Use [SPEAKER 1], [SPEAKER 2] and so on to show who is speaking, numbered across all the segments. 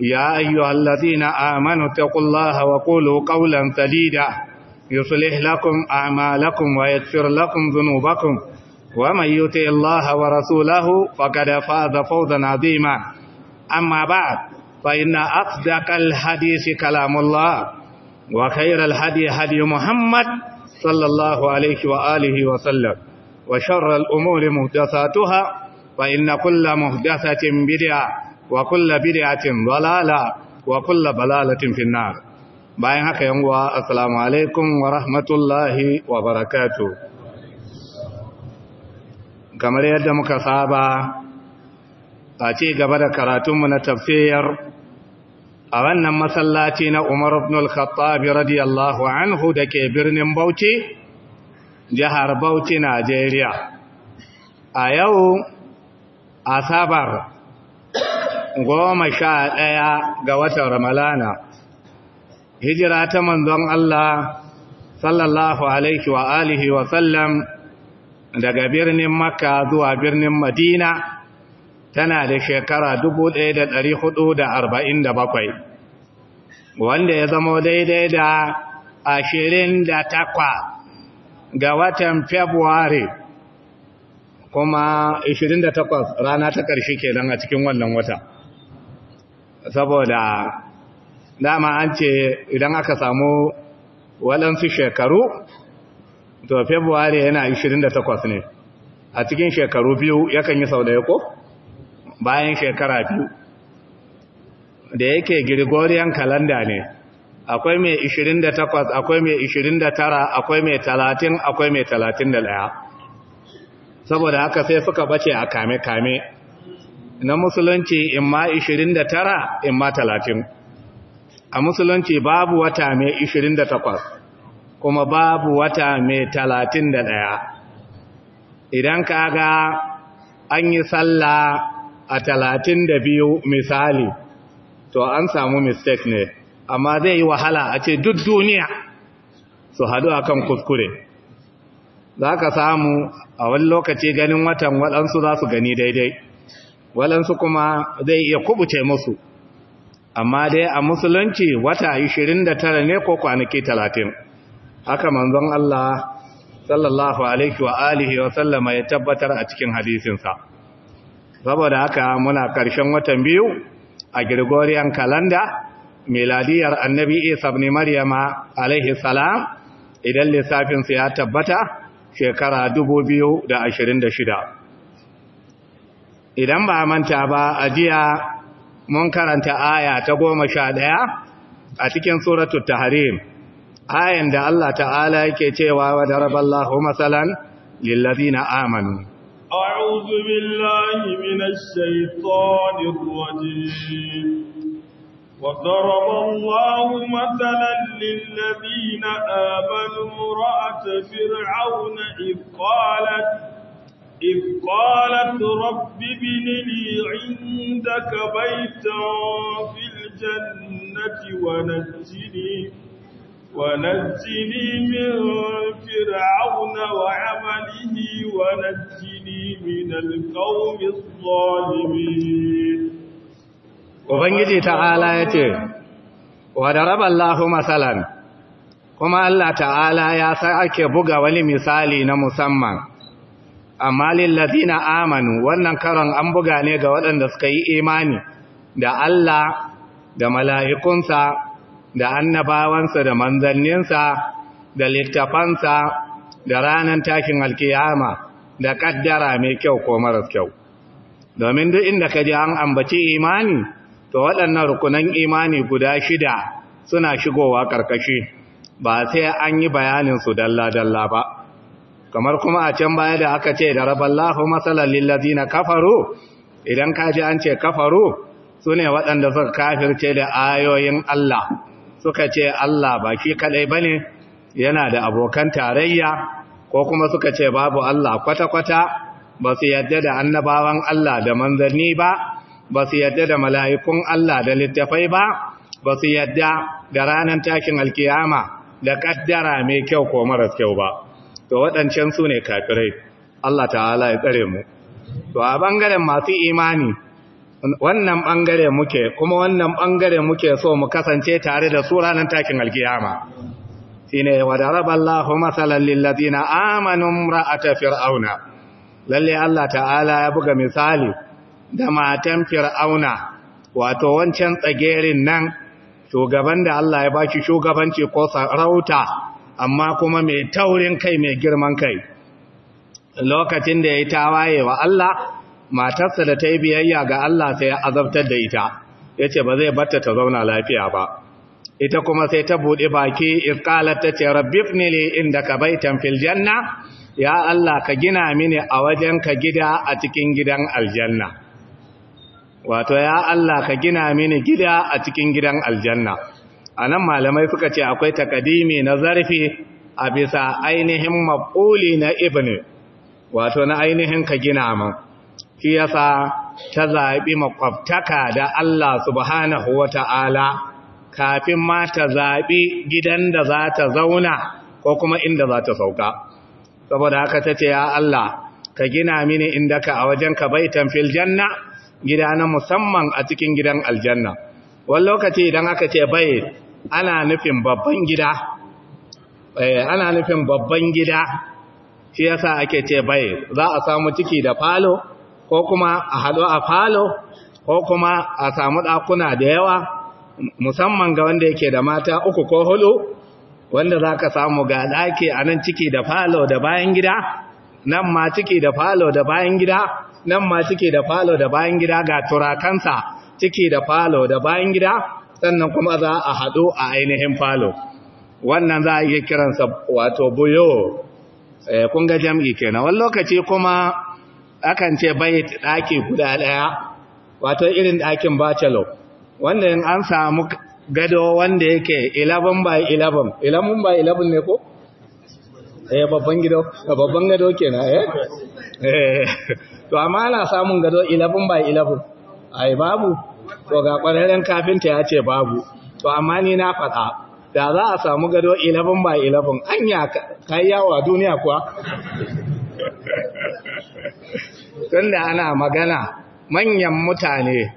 [SPEAKER 1] يا أيها الذين آمنوا اتقوا الله وقولوا قولا سديدا يصلح لكم أعمالكم ويغفر لكم ذنوبكم ومن يطع الله ورسوله فقد فاز فوزا عظيما أما بعد فإن أصدق الحديث كلام الله وخير الهدي هدي محمد صلى الله عليه وآله وسلم وشر الأمور مهدثاتها فإن كل مهدثة بدعة wa kulla bid'atin dalala wa kulla balalatin finnar bayan haka yan uwa assalamu alaikum wa rahmatullahi wa barakatuh kamar yadda muka saba a ci gaba da karatunmu na tafsir a wannan masallaci na Umar ibn al-Khattab radiyallahu anhu dake birnin Bauchi jihar Bauchi Najeriya a yau asabar goma sha ɗaya ga watan ramalana hijira ta manzon Allah sallallahu alaihi wa alihi wa sallam daga birnin makka zuwa birnin madina tana da shekara 1447 wanda ya zama daidai da 28 ga watan Februari kuma 28 rana ta ƙarshe kenan a cikin wannan wata. saboda dama an ce idan aka samu waɗansu shekaru to Februari yana 28 ne a cikin shekaru biyu yakan yi sau da yako bayan shekara biyu da yake gregorian kalanda ne akwai mai 28 akwai mai 29 akwai mai 30 akwai mai 31 saboda haka sai suka bace a kame-kame na musulunci in ma 29 in ma 30 a musulunci babu wata mai 28 kuma babu wata mai 31 idan ka ga an yi sallah a 32 misali to an samu mistake ne amma zai yi wahala a ce duk duniya su hadu kan kuskure za ka samu a wani lokaci ganin watan waɗansu za su gani daidai walansu kuma zai iya kubuce musu amma dai a musulunci wata 29 ne ko kwanaki 30 haka manzon Allah sallallahu alaihi wa alihi wa sallama ya tabbatar a cikin hadisinsa saboda haka muna karshen watan biyu a Gregorian calendar miladiyar annabi Isa ibn maryam alaihi salam idan lissafin sa ya tabbata shekara 2026 idan ba manta ba a jiya mun karanta aya ta goma sha ɗaya a cikin suratul tahrim ayan da Allah ta'ala yake cewa wa daraballahu masalan lillazina amanu
[SPEAKER 2] a'udhu billahi minash shaitanir rajim وضرب الله مثلا للذين آمنوا رأت فرعون إذ قالت إذ قالت رب ابن لي عندك بيتا في الجنة ونجني ونجني من فرعون وعمله ونجني من القوم الظالمين
[SPEAKER 1] Ubangiji ta'ala ya ce, Wa da raballahu kuma Allah ta'ala ya sa ake buga wani misali na musamman. amma lillazina amanu wannan karon an buga ne ga waɗanda suka yi imani da Allah da mala'ikunsa da annabawansa da manzanninsa da littafansa da ranar takin alkiyama da kaddara mai kyau ko maras kyau domin duk inda ka ji an ambaci imani to waɗannan rukunan imani guda shida suna shigowa ƙarƙashi ba sai an yi bayaninsu dalla-dalla ba kamar kuma a can baya da aka ce da raballahu matsalar na kafaru idan ka ji an ce kafaru su ne waɗanda suka kafirce da ayoyin Allah suka ce Allah ba shi kaɗai ba ne yana da abokan tarayya ko kuma suka ce babu Allah kwata-kwata ba su yadda da annabawan Allah da manzanni ba ba su yadda da mala'ikun Allah da littafai ba ba su yadda da ranar takin alkiyama da ƙaddara mai kyau ko maras kyau ba to waɗancan su ne kafirai Allah ta'ala ya tsare mu to a ɓangaren masu imani wannan ɓangare muke kuma wannan ɓangare muke so mu kasance tare da su ranar takin alkiyama shine wa daraba Allahu masalan lil ladina amanu ra'ata fir'auna lalle Allah ta'ala ya buga misali da matan fir'auna wato wancan tsagerin nan shugaban da Allah ya baki shugabanci ko sarauta amma kuma mai taurin kai mai girman kai lokacin da ya yi waye wa Allah matarsa da ta yi biyayya ga Allah sai ya azabtar da ita ya ce ba zai barta ta zauna lafiya ba ita kuma sai ta buɗe baki iskalar ta ce rabbifnili inda ka bai tamfil janna ya Allah ka gina mini a wajen ka gida a cikin gidan aljanna wato ya Allah ka gina mini gida a cikin gidan aljanna a nan malamai suka ce akwai takadimi na zarfi a bisa ainihin maƙuli na ibn wato na ainihin ka gina man shi yasa ta zaɓi makwabtaka da Allah subhanahu wa ta'ala kafin ma ta zaɓi gidan da za ta zauna ko kuma inda za ta sauka saboda haka ta ce ya Allah ka gina mini inda ka a wajen ka bai fil janna gida na musamman a cikin gidan aljanna wani lokaci idan aka ce bai ana nufin babban gida eh, ana nufin babban gida shi yasa ake ce bai za a samu ciki da falo ko kuma a hado a falo ko kuma a samu ɗakuna da yawa musamman ga wanda yake da mata uku ko hulu wanda za ka samu ga ɗaki a nan ciki da falo da bayan gida nan ma ciki da falo da bayan gida nan ma ciki da falo da bayan gida ga turakansa ciki da falo da bayan gida sannan kuma za a haɗo a ainihin falo wannan za a yi kiransa wato buyo eh, kun ga jam'i kenan wani lokaci kuma akan ce bai ɗaki guda ɗaya wato irin ɗakin bachelor wanda in an samu gado wanda yake 11 by 11 11 by 11 ne ko? eh babban gido babban gado kenan eh eh to amma ana samun gado 11 by 11 ai babu to ga ƙwararren kafinta ya ce babu to amma ni na faɗa da za a samu gado 11 by 11 anya kai yawa duniya kuwa tunda ana magana manyan mutane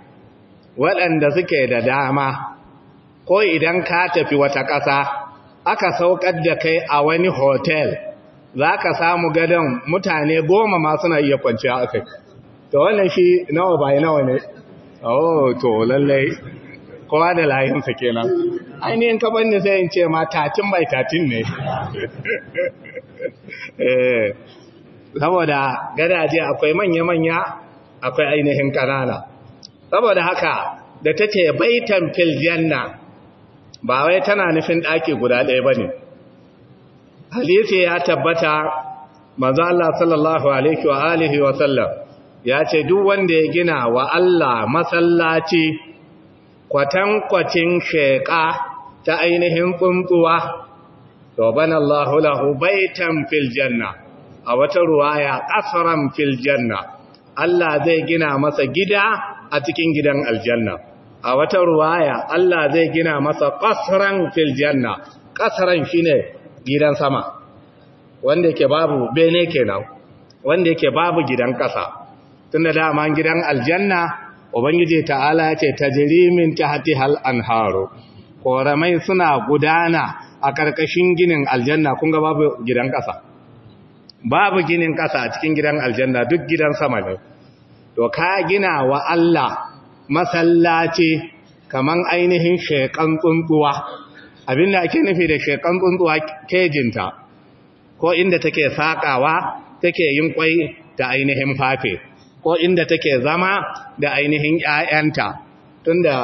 [SPEAKER 1] waɗanda suke da dama ko idan ka tafi wata ƙasa aka saukar da kai a wani hotel za ka samu gadon mutane goma ma suna iya kwanciya a kai to wannan shi nawa bai nawa ne oh to lallai kowa da layinsa kenan ainihin kaban ni sai in ce ma tatin bai tatin ne eh, saboda gadaje akwai manya-manya akwai ainihin kanana saboda haka da ta ce baitan filjanna ba wai tana nufin ɗaki guda ɗaya ba ne hadisi ya tabbata manzo Allah sallallahu alaihi wa alihi wa sallam ya ce duk wanda ya gina wa Allah masallaci kwatankwacin sheƙa ta ainihin tsuntsuwa to bana Allah lahu baitan filjanna. janna a wata ruwaya qasran fil janna Allah zai gina masa gida a cikin gidan aljanna a wata ruwaya Allah zai gina masa qasran filjanna. janna qasran shine gidan sama wanda yake babu bene kenan wanda yake babu gidan ƙasa tun da daman gidan aljanna ubangiji ta'ala ya ce ta hati hal anharu koramai suna gudana a ƙarƙashin ginin aljanna kun ga babu gidan ƙasa babu ginin ƙasa a cikin gidan aljanna duk gidan sama ne to ka gina wa Allah masallaci kamar ainihin sheƙan tsuntsuwa abin da ake nufi da sheƙan tsuntsuwa kejinta ko inda take saƙawa take yin kwai da ainihin fafe ko inda take zama da ainihin ‘ya'yanta tunda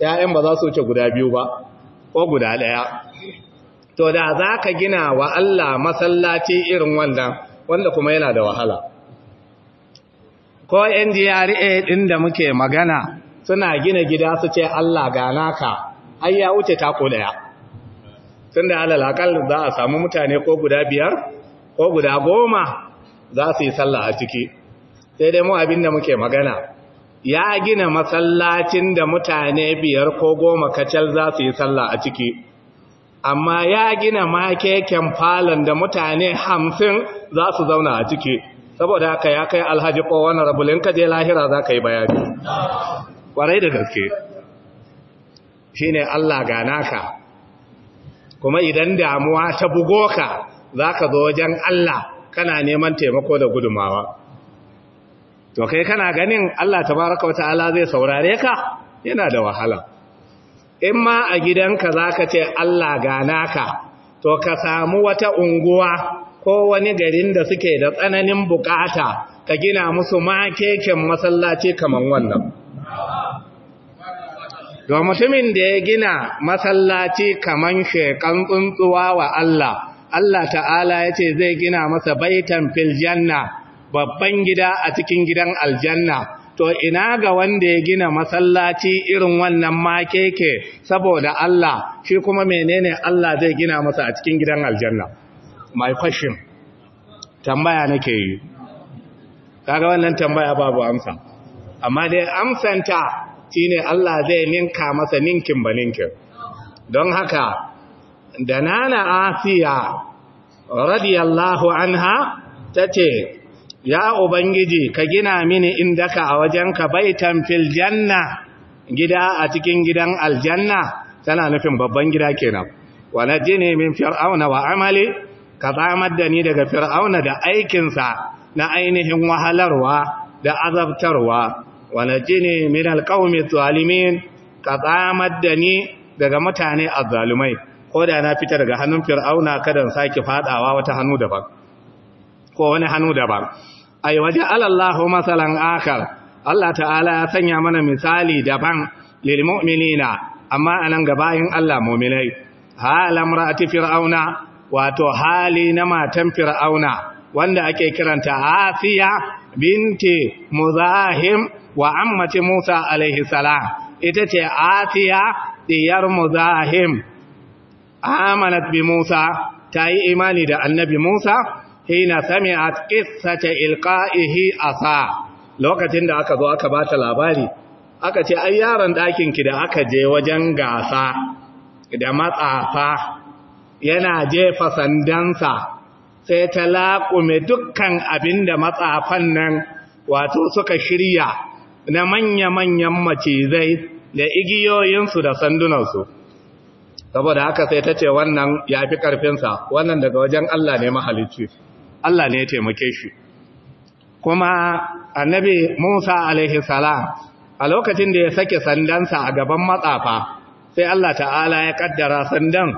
[SPEAKER 1] ‘ya'yan ba za su wuce guda biyu ba ko guda ɗaya to da za ka gina wa Allah masallaci irin wannan wanda kuma yana da wahala ko ‘yan GRA ɗin da muke magana suna gina gida su ce Allah gana ka ai ya wuce taku ɗaya tun da za a samu mutane ko guda biyar ko guda goma za su yi sallah a ciki sai dai mu abin da muke magana ya gina masallacin da mutane biyar ko goma kacal za su yi sallah a ciki amma ya gina makeken falon da mutane hamsin za su zauna a ciki saboda haka ya kai alhaji ko wani rabulin je lahira za ka yi bayani ƙwarai da gaske shi ne allah gana ka kuma idan damuwa ta bugo ka za ka zo wajen allah kana neman taimako da gudumawa to kai kana ganin Allah tabaraka wa ta'ala zai saurare ka yana da wahala in ma a gidanka zaka ce Allah gana ka to ka samu wata unguwa ko wani garin da suke da tsananin bukata ka gina musu makeken masallaci kaman wannan Da mutumin da ya gina masallaci kaman shekan tsuntsuwa wa Allah Allah ta'ala ya ce zai gina masa baitan filjanna. babban gida a cikin gidan aljanna to ina ga wanda ya gina masallaci irin wannan makeke saboda Allah shi kuma menene Allah zai gina masa a cikin gidan aljanna my question tambaya nake yi kaga wannan tambaya babu amsa amma dai amsanta shine Allah zai ninka masa ninkin ba ninkin don haka da nana Asiya radiyallahu anha tace ya ubangiji ka gina mini inda ka a wajenka bai tamfil janna gida a cikin gidan aljanna tana nufin babban gida kenan ji ne min fir'auna wa amali ka tsamar da ni daga fir'auna da aikinsa na ainihin wahalarwa da azabtarwa ji ne min alqaumi zalimin ka tsamar da ni daga mutane a zalumai. ko da na fita daga hannun fir'auna kadan sake faɗawa wata hannu daban ko wani hannu daban ai waje alallahu masalan akar Allah ta'ala ya sanya mana misali daban lil mu'minina amma anan gabayin Allah mu'minai halam ra'ati fir'auna wato hali na matan fir'auna wanda ake kiranta Asiya binti Muzahim wa ammati Musa alaihi salam ita ce Asiya diyar Muzahim amanat bi Musa tayi imani da annabi Musa hina sami'at qissata ilqa'ihi asa lokacin da aka zo aka bata labari aka ce ai yaron ɗakin ki da aka je wajen gasa da matsafa yana jefa sandansa sai ta laƙume dukkan abinda matsafan nan wato suka shirya na manya-manyan macizai da igiyoyinsu da sandunansu saboda haka sai ta ce wannan ya fi ƙarfinsa wannan daga wajen Allah ne mahalicci Allah ne ya taimake shi kuma annabi Musa alaihi salam a lokacin da ya sake sandansa a gaban matsafa sai Allah ta'ala ya kaddara sandan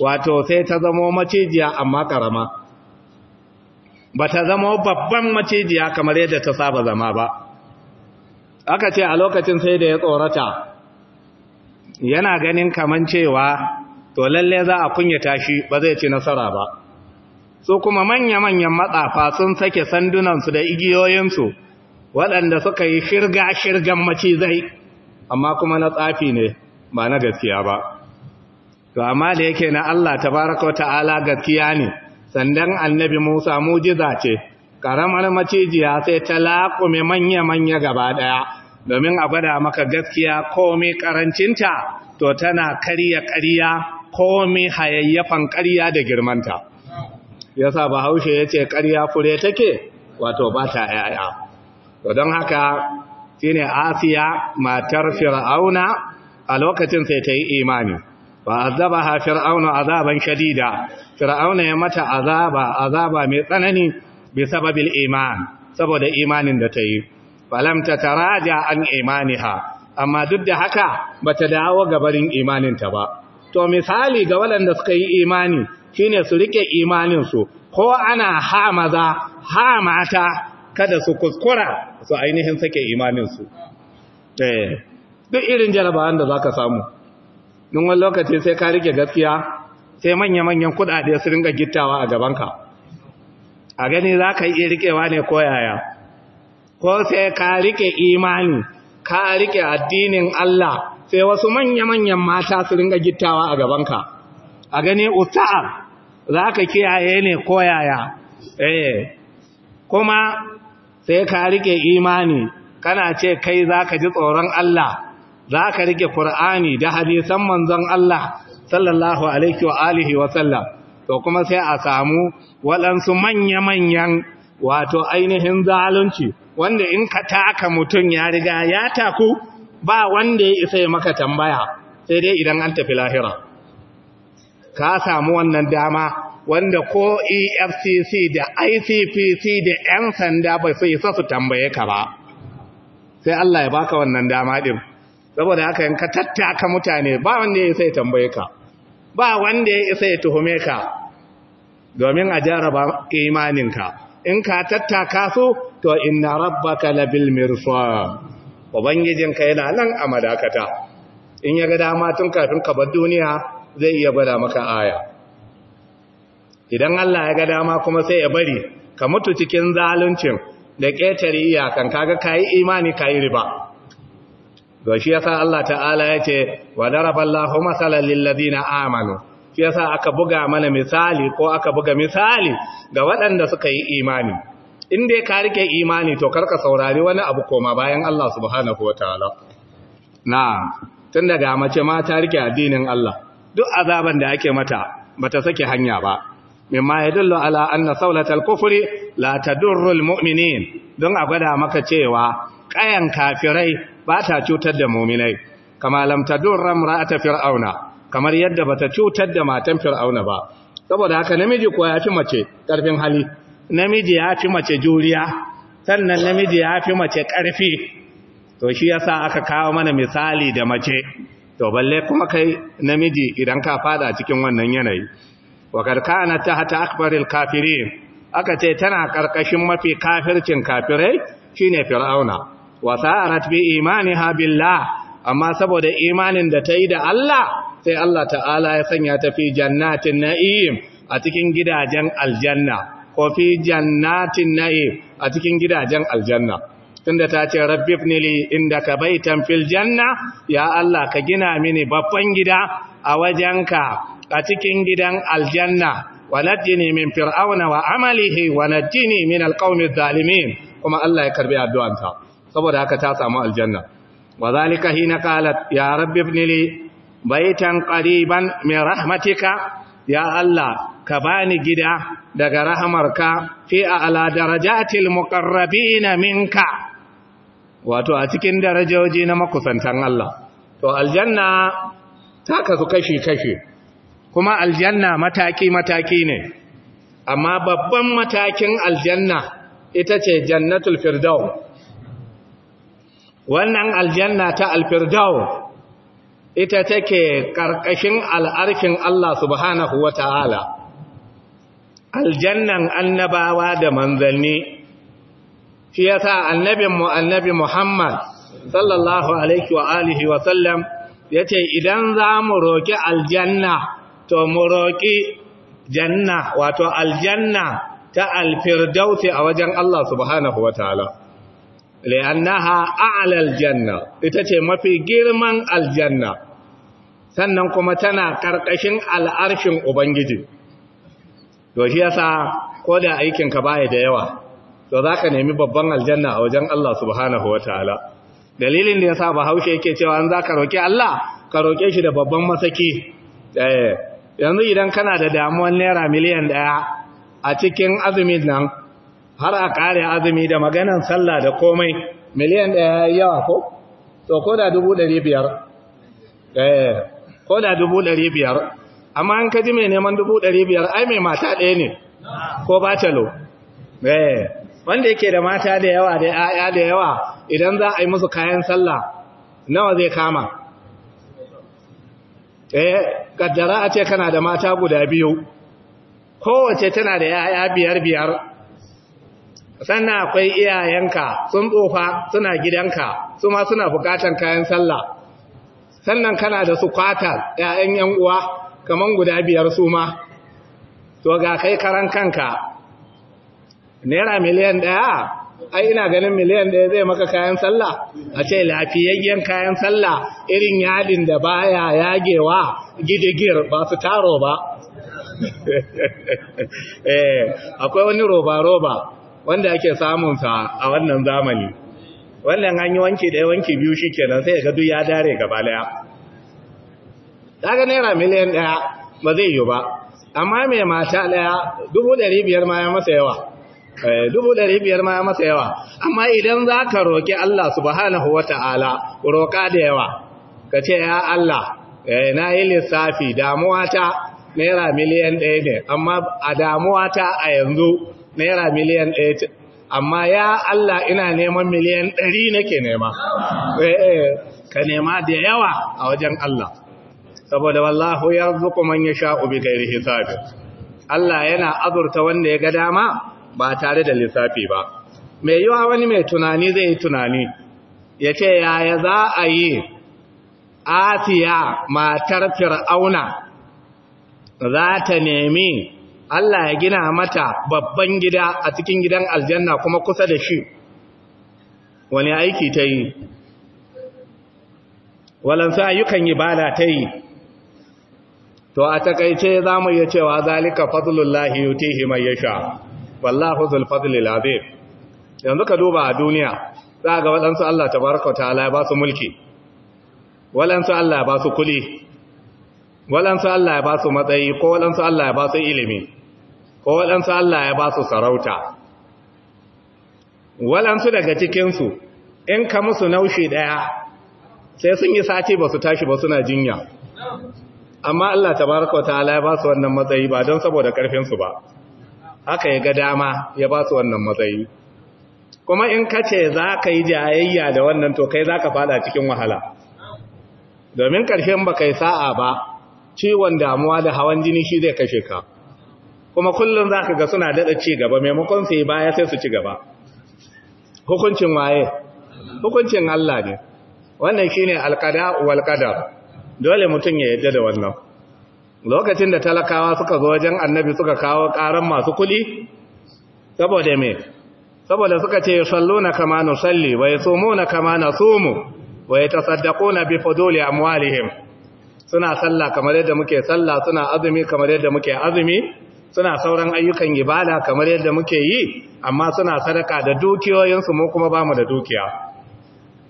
[SPEAKER 1] wato sai ta zama macijiya amma karama ba ta zamo babban macijiya kamar yadda ta saba zama ba aka ce a lokacin sai da ya tsorata yana ganin kaman cewa to lalle za a kunyata shi ba zai ci nasara ba su kuma manya-manyan matsafa sun sake sandunansu da igiyoyinsu waɗanda suka yi shirga-shirgan macizai amma kuma na tsafi ne ba na gaskiya ba to amma da yake na Allah tabaraka ta'ala gaskiya ne sandan annabi Musa mujiza ce karamar macijiya sai ta laƙume manya-manya gaba ɗaya domin a gwada maka gaskiya komai ƙarancinta, to tana karya ƙarya komai hayayyafan ƙarya da girmanta Ya yasa bahaushe ya ce ƙarya fure take wato ba ta yaya to don haka shi ne asiya matar fir'auna a lokacin sai ta yi imani ba a zaba ha fir'auna azaban shadida fir'auna ya mata azaba azaba mai tsanani bi sababil iman saboda imanin da ta yi ta raja an imani ha. amma duk da haka bata dawo gabarin ta ba to misali ga waɗanda suka yi imani shine su rike imaninsu ko ana ha maza ha mata kada su kuskura su ainihin sake imaninsu eh, duk irin jarabawan da za ka samu ɗin wani lokaci sai ka rike gaskiya sai manya-manyan kudade su ringa gittawa a gabanka a gani za ka iya rikewa ne ko yaya ko sai ka rike imani ka rike addinin Allah sai wasu manya-manyan mata su ringa gittawa a gabanka a gani uta'ar za ka kiyaye ne koyaya E, eh. kuma sai ka rike imani kana ce kai za ka ji tsoron Allah za ka rike Kur'ani da hadisan manzon Allah sallallahu alaihi wa alihi wa sallam to kuma sai a samu waɗansu manya-manyan wato ainihin zalunci wanda in ka taka mutum ya riga ya taku ba wanda ya isa maka tambaya sai dai idan an tafi lahira ka samu wannan dama wanda ko efcc da icpc da ƴan sanda ba sai isa su tambaye ka ba sai allah ya baka wannan dama din. saboda haka in ka tattaka mutane ba wanda ya sai tambaye ka ba wanda ya isa ya tuhume ka domin a jaraba imaninka in ka tattaka su to inna rabbaka labil mirsad ubangijinka yana nan a madakata in ya ga dama tun kafin ka bar duniya zai iya gwada maka aya idan Allah ya ga dama kuma sai ya bari ka mutu cikin zaluncin da ƙetare iyakan kaga kayi imani kayi riba to shi yasa Allah ta'ala yace wa daraballahu masalan lil ladina amanu shi yasa aka buga mana misali ko aka buga misali ga waɗanda suka yi imani in dai ka rike imani to karka saurari wani abu koma bayan Allah subhanahu wataala na tun daga mace ma ta rike addinin Allah duk azaban da ake mata bata sake hanya ba mimma yadullu ala anna saulatal kufri la tadurru mu'minin don a gwada maka cewa kayan kafirai ba ta cutar da mu'minai kama lam tadurra imra'ata fir'auna kamar yadda bata cutar da matan fir'auna ba saboda haka namiji ko ya fi mace karfin hali namiji ya fi mace juriya sannan namiji ya fi mace karfi to shi yasa aka kawo mana misali da mace to balle kuma kai namiji idan ka fada cikin wannan yanayi wa karkana ta hata akbaril kafirin aka ce tana karkashin mafi kafircin kafirai shine fir'auna wa sa'arat bi imaniha billah amma saboda imanin da ta yi da Allah sai Allah ta'ala ya sanya ta fi jannatin na'im a cikin gidajen aljanna ko fi jannatin na'im a cikin gidajen aljanna tunda ta ce rabbi inda ka baitan fil janna ya Allah ka gina mini babban gida a wajenka a cikin gidan aljanna wanajjini min fir'auna wa amalihi wanajjini min alqaumi adh kuma Allah ya karbi addu'anta saboda haka ta samu aljanna wa zalika hina qalat ya rabbi ibnili baitan qariban min rahmatika ya Allah ka bani gida daga rahamarka fi a'la darajatil muqarrabin minka wato a cikin darajoji na makusantan Allah to aljanna ta kasu kashi-kashi kuma aljanna mataki-mataki ne amma babban matakin aljanna ita ce jannatul firdaw wannan aljanna ta alfirdaw ita take ƙarƙashin al'arkin Allah subhanahu wata'ala aljannan annabawa da manzanni, shi yasa annabinmu annabi Muhammad sallallahu alaihi wa alihi wa sallam yace idan za mu roki aljanna to mu roki janna wato aljanna ta alfirdausi a wajen Allah subhanahu wa ta'ala li'annaha a'la aljanna ita ce mafi girman aljanna sannan kuma tana karkashin al'arshin ubangiji to shi yasa ko da aikinka baya da yawa to za ka nemi babban aljanna a wajen Allah subhanahu wa ta'ala dalilin da ya sa ba haushe yake cewa an za ka roƙi Allah ka roƙe shi da babban masaki eh, yanzu idan kana da damuwan naira miliyan ɗaya a cikin azumi nan har a kare azumi da maganan sallah da komai miliyan ɗaya yawa ko? to ko da dubu ɗari biyar eh, ko da dubu ɗari biyar amma an kaji mai neman dubu ɗari biyar ai mai mata ɗaya ne ko batalo eh wanda yake da mata da yawa da ‘ya'ya da yawa idan za a yi musu kayan sallah nawa zai kama eh kaddara a ce kana da mata guda biyu kowace tana da ‘ya'ya biyar biyar sannan akwai iyayenka sun tsofa suna gidanka su ma suna bukatan kayan sallah sannan kana da su kwata ‘ya'yan ‘yan uwa kaman guda biyar su ma to ga kai karan kanka naira miliyan ɗaya ai ina ganin miliyan ɗaya zai maka kayan sallah a ce lafiyayyen kayan sallah irin yadin da baya yagewa gidigir ba su taro ba eh, akwai wani roba-roba wanda ake samunsa a wannan zamani wannan an wanki ɗaya wanki biyu shi kenan sai ga ya dare gaba daya. daga naira miliyan ɗaya ba zai yi ba amma mai mata ɗaya dubu ɗari biyar ma ya masa yawa Eh, dubu ɗari biyar ma masa yawa amma idan za ka roƙi Allah subhanahu wa ta'ala roƙa da yawa ka ce ya Allah eh, na yi lissafi damuwata naira miliyan ɗaya ne amma a damuwata a yanzu naira miliyan ɗaya ce amma ya Allah ina neman miliyan ɗari nake nema eh, ka nema da yawa a wajen Allah saboda wallahu ya zuku ya sha'u bi gairi hisabi Allah yana azurta wanda ya ga dama ba tare da lissafi ba mai yiwa wani mai tunani zai yi tunani ya ce yaya za a yi asiya matar fir'auna za ta nemi Allah ya gina mata babban gida a cikin gidan aljanna kuma kusa da shi wani aiki ta yi walansa ayyukan ibada ta yi to a takaice za mu iya cewa zalika fadlullahi yutihi man yasha wallahu zul fadlil azim yanzu ka duba a duniya za ga waɗansu Allah tabaraka ta'ala ya ba su mulki waɗansu Allah ya ba su kuli waɗansu Allah ya ba su matsayi ko waɗansu Allah ya ba su ilimi ko waɗansu Allah ya ba su sarauta waɗansu daga cikinsu in ka musu naushi ɗaya sai sun yi sati ba su tashi ba suna jinya amma Allah tabaraka ta'ala ya ba su wannan matsayi ba don saboda su ba haka ya ga dama ya ba su wannan matsayi kuma in ka ce za ka yi jayayya da wannan to kai za ka fada cikin wahala domin ƙarshen ba kai sa'a ba ciwon damuwa da hawan jini shi zai kashe ka kuma kullum za ka ga suna daɗa ci gaba maimakon su yi baya sai su ci gaba hukuncin waye hukuncin Allah ne wannan shine alƙada wal dole mutum ya yadda da wannan lokacin da talakawa suka zo wajen annabi suka kawo ƙaran masu kuɗi saboda me saboda suka ce salluna kama nusalli wa yasumuna kama nasumu wa yatasaddaquna bi fuduli amwalihim suna salla kamar yadda muke salla suna azumi kamar yadda muke azumi suna sauran ayyukan ibada kamar yadda muke yi amma suna sadaka da dukiyoyinsu mu kuma bamu da dukiya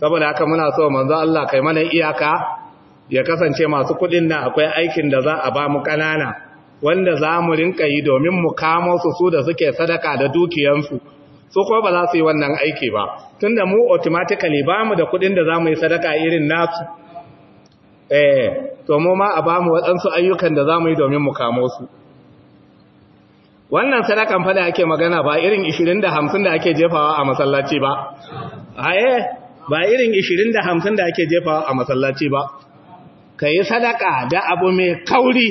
[SPEAKER 1] saboda haka muna so manzo Allah kai mana iyaka ya kasance masu kudin nan akwai aikin da za a ba mu kanana wanda za mu rinka yi domin mu kamo su su da suke sadaka da dukiyansu su kuma ba za su yi wannan aiki ba tunda mu automatically ba mu da kudin da za mu yi sadaka irin nasu eh to mu ma a ba mu waɗansu ayyukan da za mu yi domin mu kamo su wannan sadakan fa da ake magana ba irin 20 da 50 da ake jefawa a masallaci ba aye ba irin 20 da 50 da ake jefawa a masallaci ba ka yi sadaka da abu mai kauri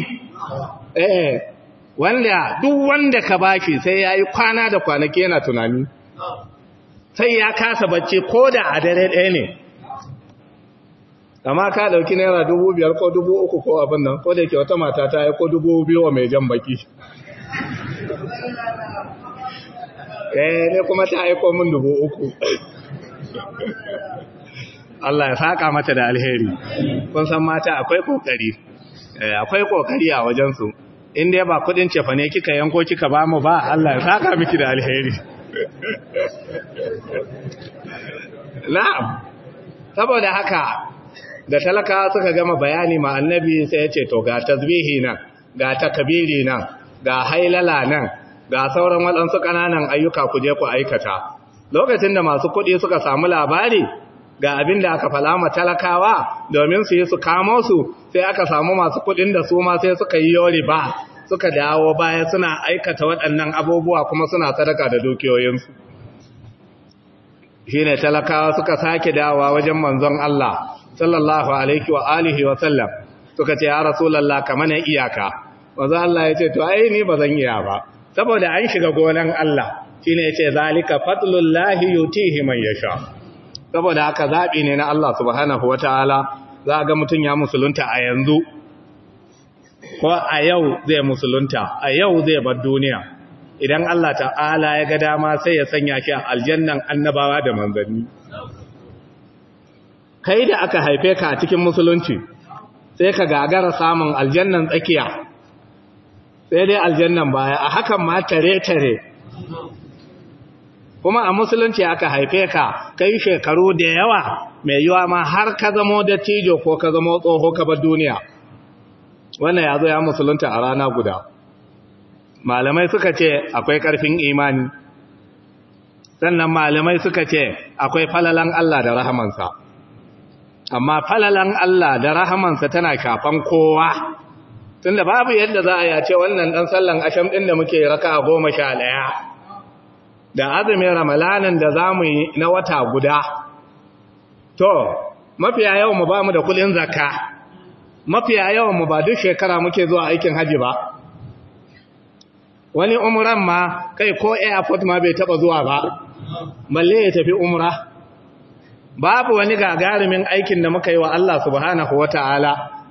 [SPEAKER 1] eh wanda duk wanda ka baki sai ya yi kwana da kwanaki yana tunani sai ya kasa bacci ko da a dare ɗaya ne amma ka ɗauki naira dubu biyar ko dubu uku ko abin nan ko da yake wata mata ta yi ko dubu biyu wa mai jan baki eh ne kuma ta aiko min dubu uku Allah ya saka mata da alheri kun san mata akwai kokari eh, akwai kokari a wajen su in dai ba kudin cefa ne kika yanko kika ba mu ba Allah ya saka miki da alheri na'am saboda haka da talaka suka gama bayani ma annabi sai ya ce to ga tasbihi nan ga takbiri nan ga hailala nan ga sauran waɗansu ƙananan ayyuka ku je ku aikata lokacin da masu kuɗi suka samu labari ga abin da aka falama talakawa domin su yi su kamo su sai aka samu masu kudin da su ma sai suka yi yori ba suka dawo baya suna aikata waɗannan abubuwa kuma suna sadaka da dukiyoyinsu shi ne talakawa suka sake dawowa wajen manzon Allah sallallahu alaihi wa alihi wa sallam suka ce ya rasu lalla ka mana iyaka manzon Allah ya ce to ai ni ba zan iya ba saboda an shiga gonan Allah shine ya ce zalika fadlullahi yutihi man yasha saboda haka zaɓi ne na Allah subhanahu wata'ala za a ga mutum ya musulunta a yanzu ko a yau zai musulunta a yau zai bar duniya idan Allah ta'ala ya ga dama sai ya sanya shi a aljannan annabawa da manzanni kai da aka haife ka a cikin musulunci sai ka gagara samun aljannan tsakiya sai dai aljannan baya a hakan ma tare-tare kuma a musulunci aka haife ka kai shekaru da yawa mai yiwa ma har ka zamo dattijo ko ka zamo tsoho ka bar duniya wannan ya zo ya musulunta a rana guda malamai suka ce akwai ƙarfin imani sannan malamai suka ce akwai falalan Allah da rahamansa amma falalan Allah da rahamansa tana shafan kowa tunda babu yadda za a yace wannan dan sallan asham din da muke raka'a goma sha ɗaya da azumin ramalanin da za mu yi na wata guda to mafiya yawan mu ba mu da kulin zaka mafiya yawan mu ba duk shekara muke zuwa aikin haji ba wani umran ma kai ko airport ma bai taba zuwa ba balle ya tafi umra babu wani gagarumin aikin da muka yi wa Allah subhanahu wataala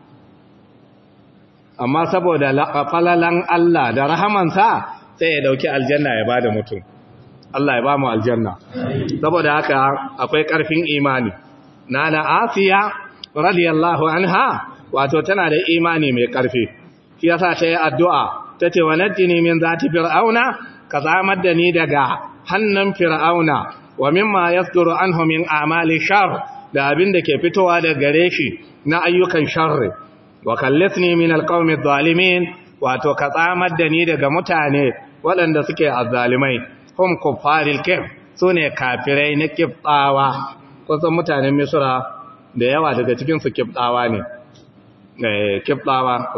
[SPEAKER 1] amma saboda falalan Allah da rahamansa sai ya dauki aljanna ya bada mutum Allah ya ba mu aljanna saboda haka akwai ƙarfin imani nana asiya radiyallahu anha wato tana da imani mai ƙarfi shi yasa ta yi addu'a ta ce wanajjini min zati fir'auna ka zamar da ni daga hannun fir'auna wa mimma yasduru anhu min amali shar da abin da ke fitowa da gare shi na ayyukan sharri wa kallisni min alqawmi adh wato ka tsamar da ni daga mutane waɗanda suke azzalimai hum kuffaril kif sune kafirai na kiftawa kusan mutanen misra da yawa daga cikin su ne eh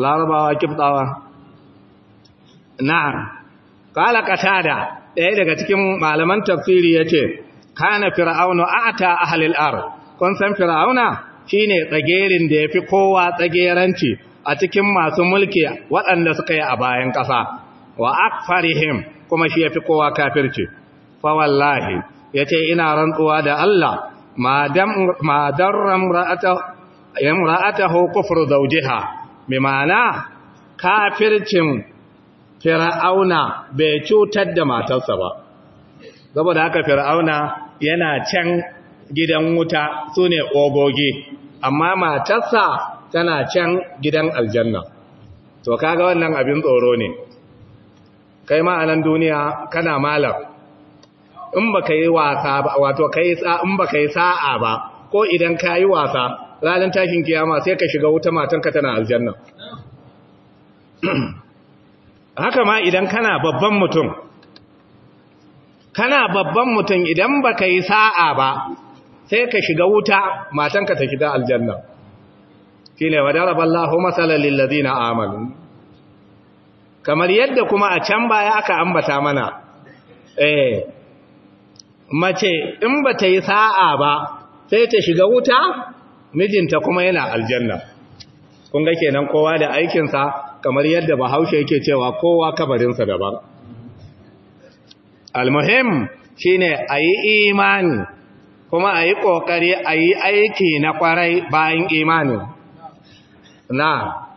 [SPEAKER 1] larabawa kiftawa na'am qala qatada ɗaya daga cikin malaman tafsiri yace kana Fir'auna? a'ta ahlil ard kun san fir'auna shine tsagerin da yafi kowa tsageranci a cikin masu mulki waɗanda suka yi a bayan ƙasa wa akfarihim kuma shi fi kowa kafirci fa wallahi ce ina rantsuwa da Allah ma dam ma darram ra'atahu kufru zawjiha bi ma'ana kafircin fir'auna bai cutar da matarsa ba saboda haka fir'auna yana can gidan wuta sune ogogi amma matarsa tana can gidan aljanna to kaga wannan abin tsoro ne kai ma a nan duniya kana malam in ba ka yi wasa ba wato in ba ka yi sa'a ba ko idan ka yi wasa ranar tashin kiyama sai ka shiga wuta matanka tana aljanna haka ma idan kana babban mutum kana babban mutum idan ba ka yi sa'a ba sai ka shiga wuta matanka ta shiga aljanna shi ne wa daraballahu masalalin na amalin kamar yadda kuma a can baya aka ambata mana eh mace in ba ta yi sa'a ba sai ta shiga wuta mijinta kuma yana aljanna kun ga kenan kowa da aikin sa kamar yadda bahaushe yake cewa kowa kabarinsa daban almuhim shine ayi imani kuma ayi yi ayi aiki na kwarai bayan imani na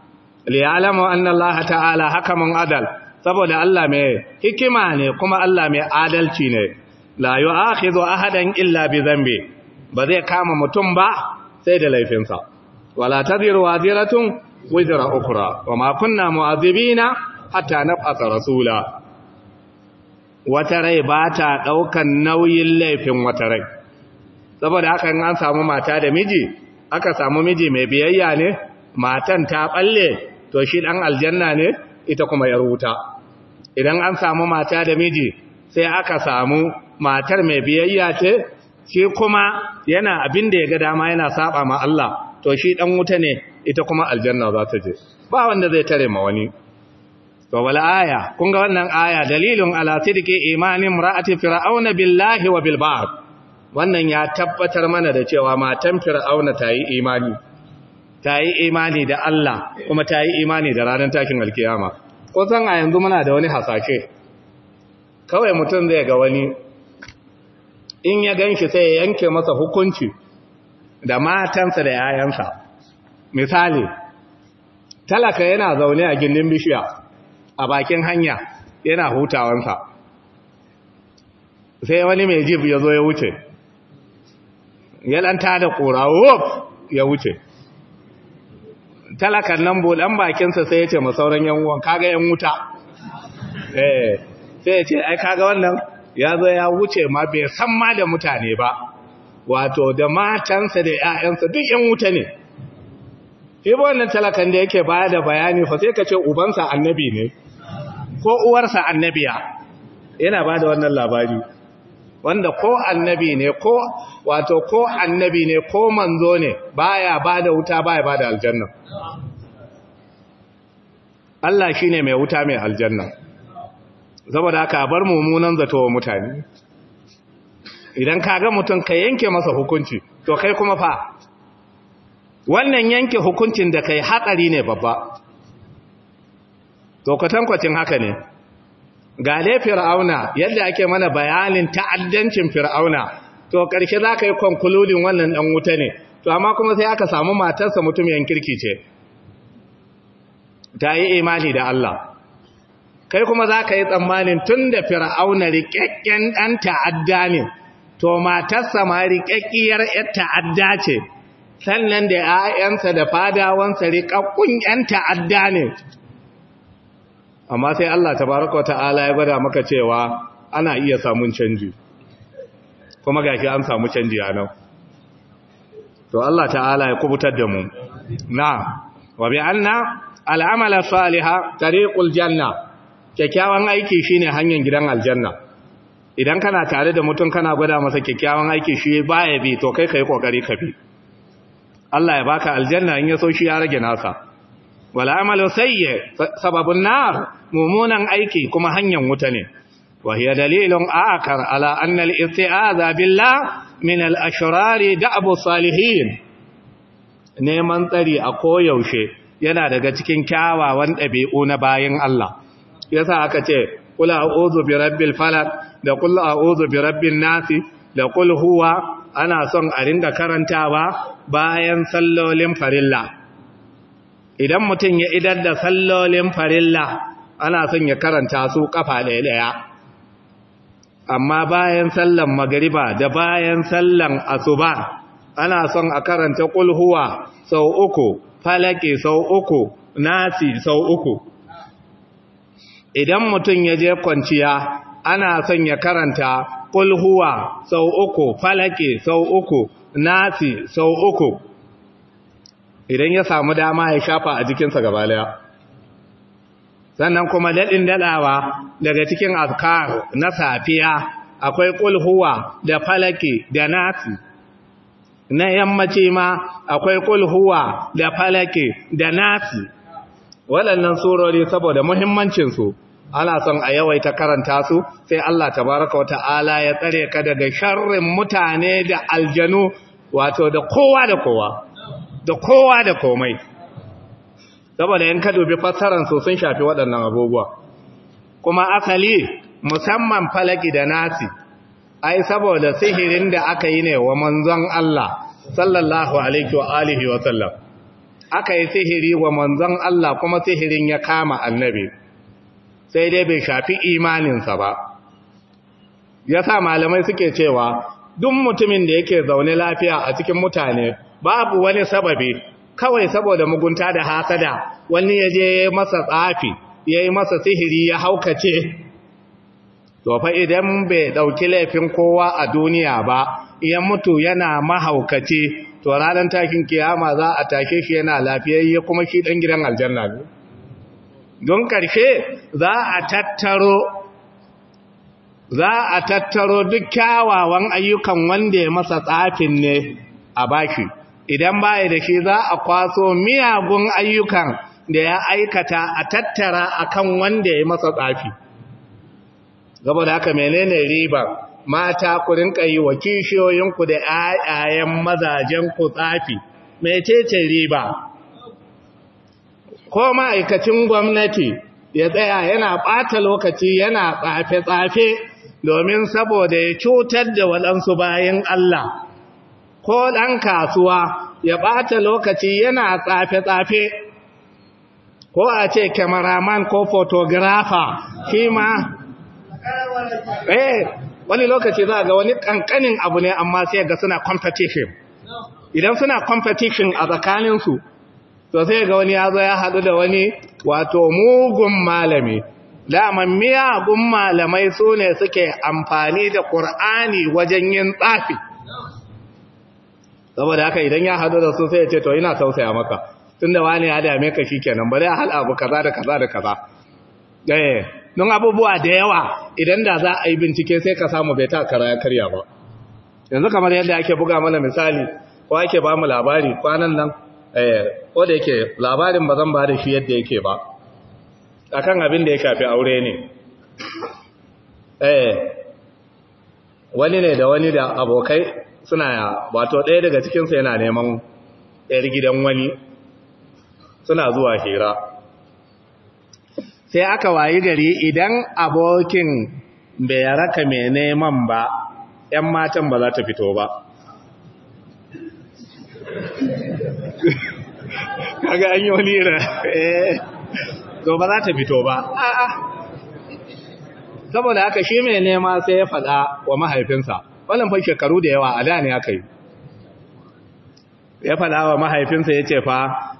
[SPEAKER 1] liya'lamu anna Allah ta'ala hakamun adal saboda Allah mai hikima ne kuma Allah mai adalci ne la yu'akhidhu ahadan illa bi dhanbi ba zai kama mutum ba sai da laifinsa wala tadhiru wadiratun wizra ukhra wa ma kunna mu'adhibina hatta nab'atha rasula wata rai ba ta daukan nauyin laifin wata rai saboda haka in an samu mata da miji aka samu miji mai biyayya ne matan ta balle to shi dan aljanna ne ita kuma yar wuta idan an samu mata da miji sai aka samu matar mai biyayya ce shi kuma yana abin da ya ga dama yana saba ma Allah to shi dan wuta ne ita kuma aljanna za ta je ba wanda zai tare ma wani to wal aya kun ga wannan aya dalilun ala sidqi imanin ra'ati fir'auna billahi wa bil ba'd wannan ya tabbatar mana da cewa matan fir'auna ta yi imani ta yi imani da Allah kuma ta yi imani da ranar takin alkiyama Kusan a yanzu muna da wani hasashe kawai mutum zai ga wani in ya ganshi sai ya yanke masa hukunci da matansa da yayansa misali talaka yana zaune a gindin bishiya a bakin hanya yana hutawansa sai wani mai jib ya zo ya wuce ya lanta da ƙura ya wuce talakan nan bolan bakinsa sai ya ce masauran yan uwan kaga yan wuta eh, sai ya ce ai kaga wannan ya zo ya wuce ma bai san ma da mutane ba wato da matansa da ƴaƴansa duk yan wuta ne shi wannan talakan da yake baya da bayani fa sai ka ce ubansa annabi ne ko uwarsa annabiya yana ba da wannan labari wanda ko annabi ne ko wato ko annabi ne ko manzo ne baya bada wuta baya bada aljanna Allah shine mai wuta mai aljanna saboda haka bar mumunan zato wa mutane idan ka ga mutum ka yanke masa hukunci to kai kuma fa wannan yanke hukuncin da kai hatsari ne babba to kwatankwacin haka ne gale fir'auna yadda ake mana bayanin ta'addancin fir'auna to ƙarshe za ka yi konkludin wannan ɗan wuta ne to amma kuma sai aka samu matarsa mutum yan kirki ce ta yi imani da Allah kai kuma za ka yi tsammanin tun da fir'auna riƙaƙƙen ɗan ta'adda ne to matarsa ma riƙaƙƙiyar ‘yar ta'adda ce sannan da ‘ya'yansa da fadawansa riƙaƙƙun ‘yan ta'adda ne amma sai Allah baraka wa ta'ala ya gwada maka cewa ana iya samun canji kuma ga ke an samu canji a nan to Allah ta'ala ya kubutar da mu na wa anna al'amala salihah tariqul janna kyakkyawan aiki shine hanyar gidan aljanna idan kana tare da mutum kana gwada masa kyakkyawan aiki shi ya bi to kai kai kokari ka bi Allah ya baka aljanna in ya so shi ya rage nasa Wala amalu sayyi sababun nar mumunan aiki kuma hanyar wuta ne wa hiya dalilun akar ala anna al isti'aza billah min al ashrari da'bu salihin neman tsari a koyaushe yana daga cikin kyawawan ɗabi'u na bayan Allah yasa aka ce qul a'udhu bi rabbil falaq da qul a'udhu bi rabbin nas da qul huwa ana son a ringa karantawa bayan sallolin farilla idan mutum ya idar da sallolin farilla ana son ya karanta su kafa ɗaya amma bayan sallan magariba da bayan sallan asuba ana son a karanta kulhuwa sau uku falaki sau uku nasi sau uku idan mutum ya je kwanciya ana son ya karanta kulhuwa sau uku falaki sau uku nasi sau uku idan ya samu dama ya shafa a jikinsa gaba sannan kuma daɗin daɗawa daga cikin azkar na safiya akwai kulhuwa da falaki da nasi na yammaci ma akwai ƙulhuwa da falaki da nasi waɗannan surori saboda muhimmancinsu ana son a yawaita karanta su sai Allah tabaraka wa ta'ala ya tsare ka daga sharrin mutane da aljanu wato da kowa da kowa da kowa da komai saboda yan kado dubi fassaran su sun shafi waɗannan abubuwa kuma asali musamman falaki da nasi ai saboda sihirin da aka yi ne wa manzon Allah sallallahu alaihi wa alihi wa sallam aka yi sihiri wa manzon Allah kuma sihirin ya kama annabi sai dai bai shafi imaninsa ba yasa malamai suke cewa duk mutumin da yake zaune lafiya a cikin mutane babu wani sababi kawai saboda mugunta da hasada wani ya je masa tsafi ya yi masa sihiri ya haukace to fa idan bai dauki laifin kowa a duniya ba iyan mutu yana mahaukace to ranar takin kiyama za a take shi yana lafiyayye kuma shi dan gidan aljanna ne don karshe za a tattaro za a tattaro duk kyawawan ayyukan wanda ya masa tsafin ne a bashi. idan baya da shi za a kwaso miyagun ayyukan da ya aikata a tattara akan wanda ya masa tsafi gaba da haka menene ribar mata ku rinka yi wa kishiyoyinku da ayayen mazajen ku tsafi metece riba ko ma'aikacin gwamnati ya tsaya yana ɓata lokaci yana tsafe-tsafe domin saboda ya cutar da waɗansu bayan Allah ko ɗan kasuwa ya ɓata lokaci yana tsafe-tsafe ko a ce cameraman ko photographer shi ma eh, wani lokaci za ga wani ƙanƙanin abu ne amma sai ga suna competition idan suna competition a tsakaninsu to sai ga wani ya zo ya haɗu da wani wato mugun malami daman miyagun malamai su ne suke amfani da ƙur'ani wajen yin tsafi saboda haka idan ya hadu da su sai ya ce to ina tausaya maka tunda wani ya dame ka kenan bari a hada abu kaza da kaza da kaza eh don abubuwa da yawa idan da za a yi bincike sai ka samu bai ta karaya karya ba yanzu kamar yadda ake buga mana misali ko ake ba mu labari kwanan nan eh ko da yake labarin ba zan ba da shi yadda yake ba akan abin da ya shafi aure ne eh wani ne da wani da abokai suna wato ɗaya daga cikinsa yana neman ‘yar gidan wani suna zuwa hira sai aka wayi gari idan abokin bai raka mai neman ba ‘yan matan ba za ta fito ba kaga an yi wani eh ba za ta fito ba a'a saboda aka shi mai nema sai ya faɗa wa mahaifinsa wannan fa shekaru da yawa a da ne aka yi ya faɗa wa mahaifinsa ya ce fa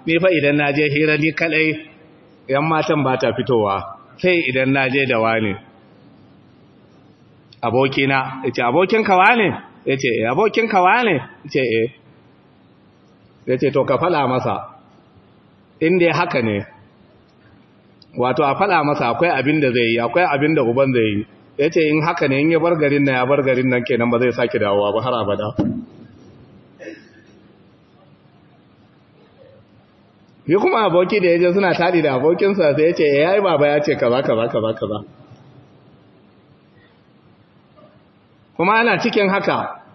[SPEAKER 1] ni fa idan na je hira ni kaɗai yan matan ba ta fitowa sai idan na je da wani abokina ya ce abokin kawa ne ya ce e eh, abokin kawa ne ya ce e ya ce to ka faɗa masa inda ya haka ne wato a faɗa masa akwai abin da zai yi akwai abin da uban zai yi ya ce in haka ne in ya bar garin na ya bar garin nan kenan ba zai sake dawowa ba har abada yi kuma aboki da ya je suna tadi da abokinsa sai ya ce ya eh, yi baba ya ce kaza kaza kaza kaza kuma ana cikin haka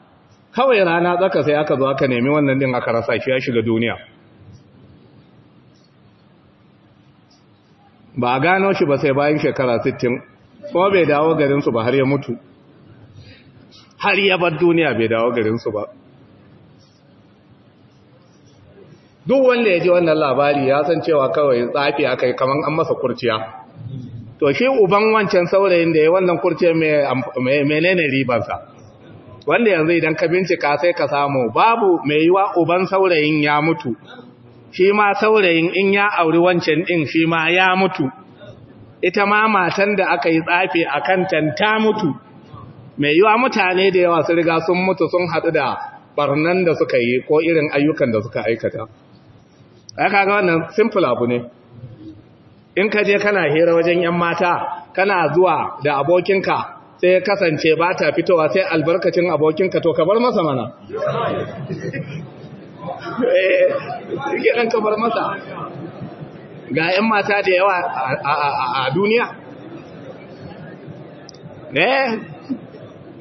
[SPEAKER 1] kawai rana tsaka sai aka zo aka nemi wannan din aka rasa shi ya shiga duniya ba a gano shi ba sai bayan shekara sittin. kuma bai dawo garinsu ba har ya mutu har ya bar duniya bai dawo garinsu ba duk wanda ya ji wannan labari ya san cewa kawai tsafi aka yi kamar an masa kurciya to shi uban wancan saurayin da ya wannan kurciya menene ribarsa wanda yanzu idan ka bincika sai ka samu babu mai yiwa uban saurayin ya mutu shi ma saurayin in ya auri wancan din shi ma ya mutu ita ma matan da aka yi tsafi a kan ta mutu mai yiwa mutane da yawa su riga sun mutu sun haɗu da barnan da suka yi ko irin ayyukan da suka aikata aka ga wannan simple abu ne in ka je kana hira wajen yan mata kana zuwa da abokinka sai ya kasance ba ta fitowa sai albarkacin abokinka to ka bar masa mana eh ga 'yan mata da yawa a duniya eh